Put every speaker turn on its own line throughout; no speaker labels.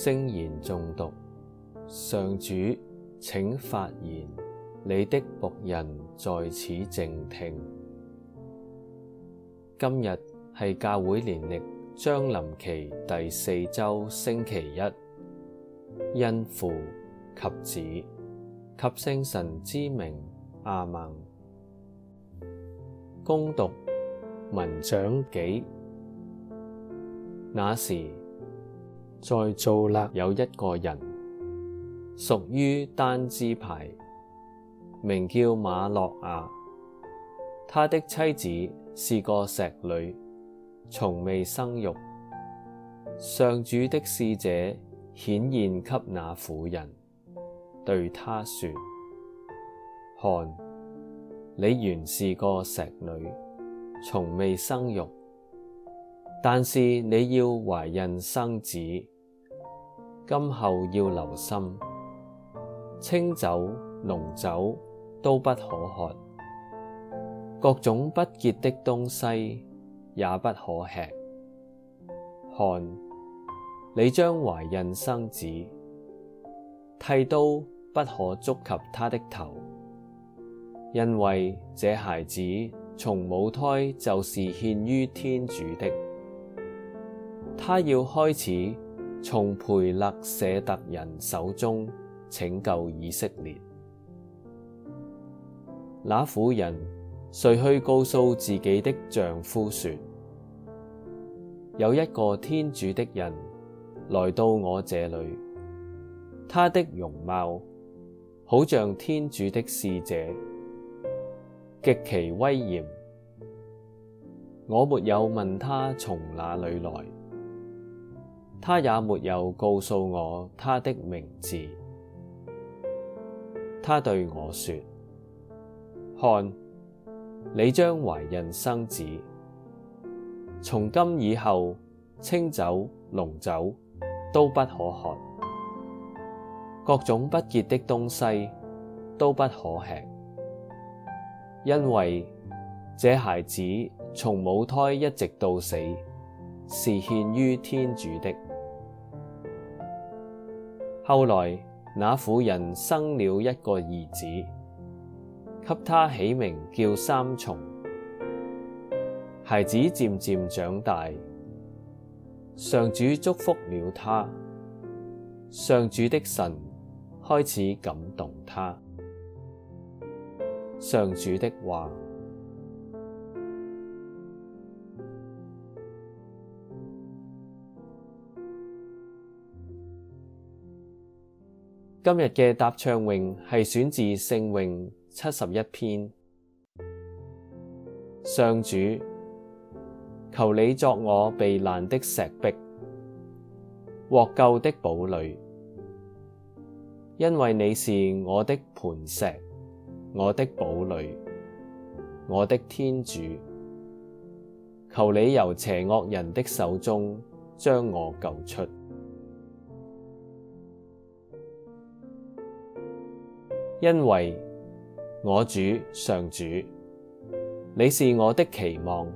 聖言誦讀，上主，請發言，你的僕人在此靜聽。今日係教會年曆將臨期第四周星期一，因父及子及聖神之名，阿門。恭讀民長紀，那時。在祚辣有一個人屬於丹支派，名叫馬諾亞，他的妻子是個石女，從未生育。上主的使者顯現給那婦人，對他說：看，你原是個石女，從未生育。但是你要懷孕生子，今後要留心，清酒濃酒都不可喝，各種不潔的東西也不可吃。看，你將懷孕生子，剃刀不可觸及他的頭，因為這孩子從母胎就是獻於天主的。他要開始從培肋舍特人手中拯救以色列。那婦人遂去告訴自己的丈夫說，有一個天主的人來到我這裡，他的容貌好像天主的使者，極其威嚴。我沒有問他從哪裡來。他也沒有告訴我他的名字。他對我説：看，你將懷孕生子，從今以後，清酒、濃酒都不可喝，各種不潔的東西都不可吃，因為這孩子從母胎一直到死，是獻於天主的。後來，那婦人生了一個兒子，給他起名叫三松。孩子漸漸長大，上主祝福了他，上主的神開始感動他，—上主的話。今日嘅答唱詠，係選自聖詠七十一篇。上主，求你作我避難的石壁，獲救的堡壘，因為你是我的磐石，我的堡壘，我的天主。求你由邪惡人的手中將我救出。因為我主上主，你是我的期望，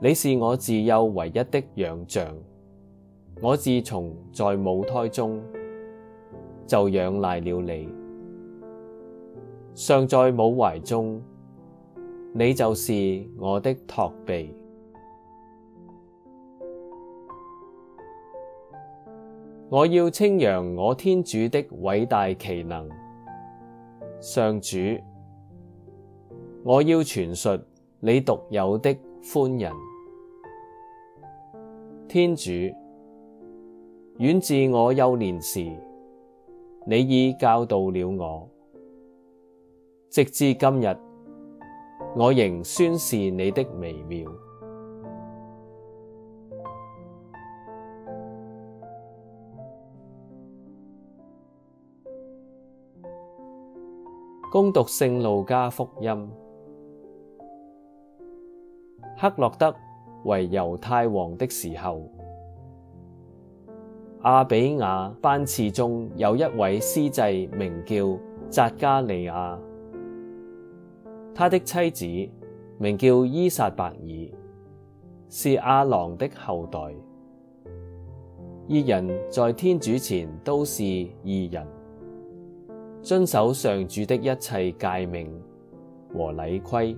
你是我自幼唯一的仰仗。我自從在母胎中就仰賴了你，尚在母懷中，你就是我的託庇。我要稱揚我天主的偉大奇能。上主，我要傳述你獨有的寬仁。天主，遠自我幼年時，你已教導了我，直至今日，我仍宣示你的微妙。恭讀《聖路加福音》，黑落德為猶太王的時候，阿彼雅班次中有一位司祭名叫匝加利亞，他的妻子名叫依撒伯爾，是亞郎的後代，二人在天主前都是義人。遵守上主的一切誡命和禮規，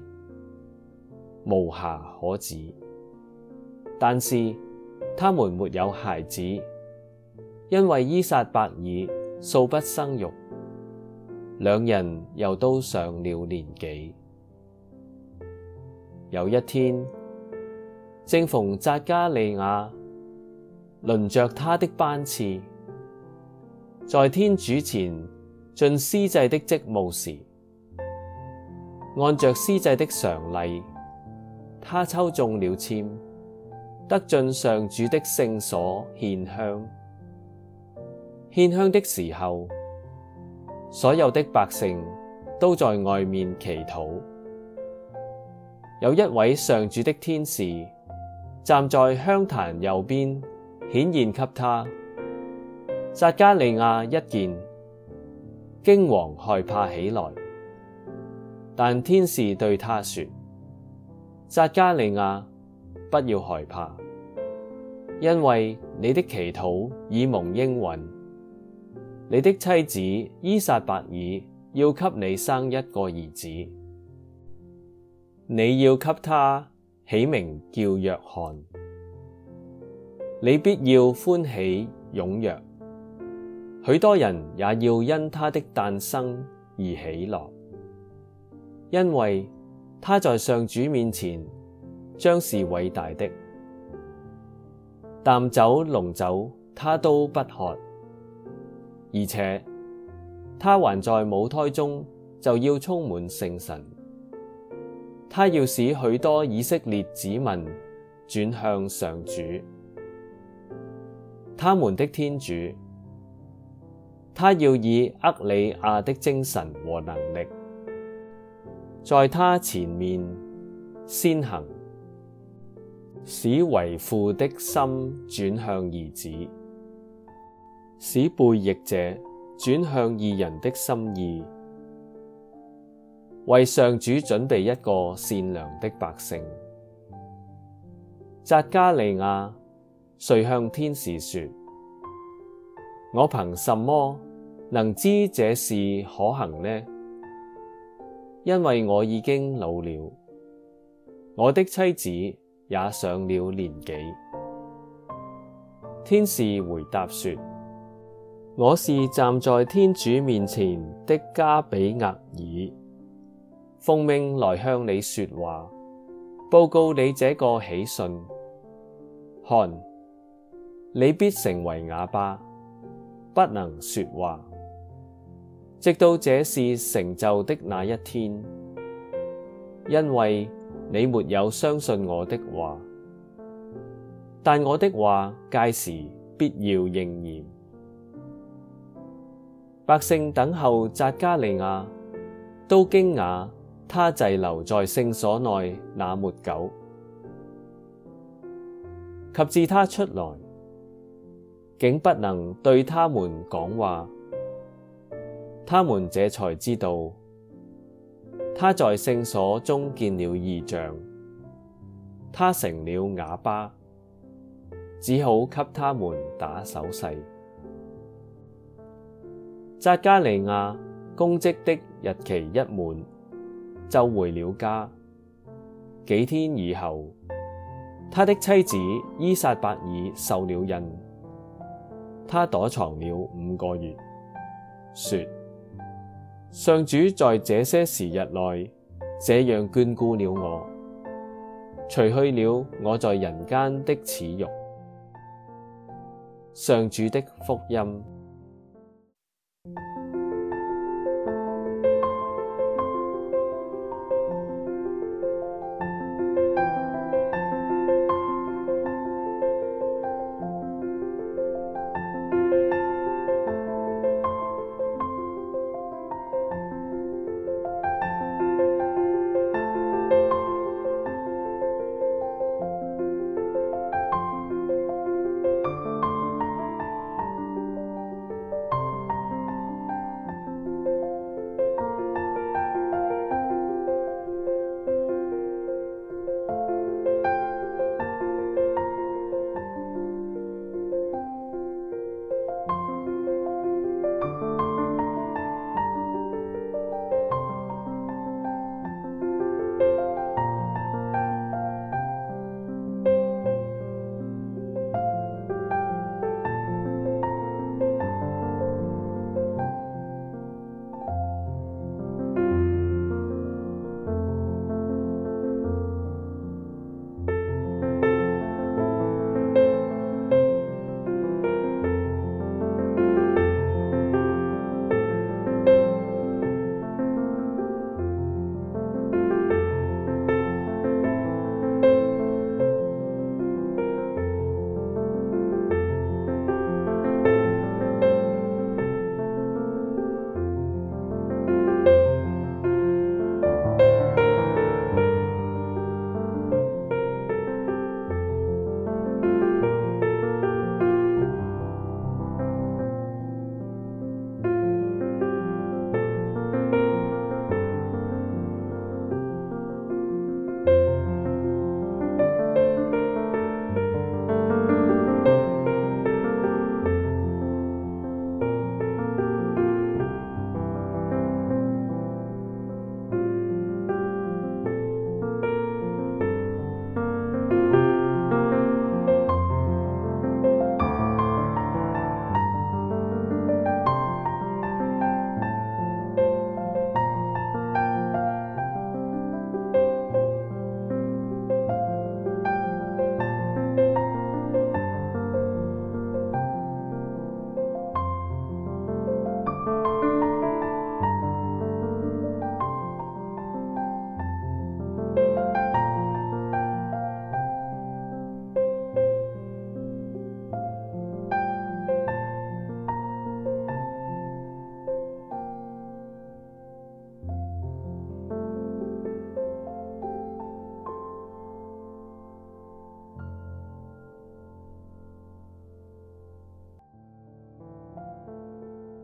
無瑕可指。但是他們沒有孩子，因為依撒伯爾素不生育，兩人又都上了年紀。有一天，正逢匝加利亞輪着他的班次，在天主前。盡司祭的職務時，按着司祭的常例，他抽中了籤，得進上主的聖所獻香。獻香的時候，所有的百姓都在外面祈禱。有一位上主的天使站在香壇右邊，顯現給他。匝加利亞一見。驚惶害怕起來，但天使對他說：匝加利亞，不要害怕，因為你的祈禱已蒙應允。你的妻子依撒伯爾要給你生一個兒子，你要給他起名叫若翰，你必要歡喜踴躍。許多人也要因他的誕生而喜樂，因為他在上主面前將是偉大的。淡酒濃酒他都不喝，而且他還在母胎中就要充滿聖神。他要使許多以色列子民轉向上主，他們的天主。他要以厄里亞的精神和能力，在他前面先行，使為父的心轉向兒子，使悖逆者轉向義人的心意，為上主準備一個善良的百姓。匝加利亞遂向天使說我憑什麼能知這事可行呢？因為我已經老了，我的妻子也上了年紀。天使回答說：我是站在天主面前的加俾額爾，奉命來向你說話，報告你這個喜訊。看，你必成為啞巴。不能說話，直到這事成就的那一天，因為你沒有相信我的話，但我的話屆時必要應驗。百姓等候匝加利亞，都驚訝他滯留在聖所內那末久，及至他出來。竟不能對他們講話，他們這才知道，他在聖所中見了異象，他成了啞巴，只好給他們打手勢。匝加利亞供職的日期一滿，就回了家。幾天以後，他的妻子依撒伯爾受了孕。他躲藏了五個月，說：上主在這些時日內這樣眷顧了我，除去了我在人間的恥辱。上主的福音。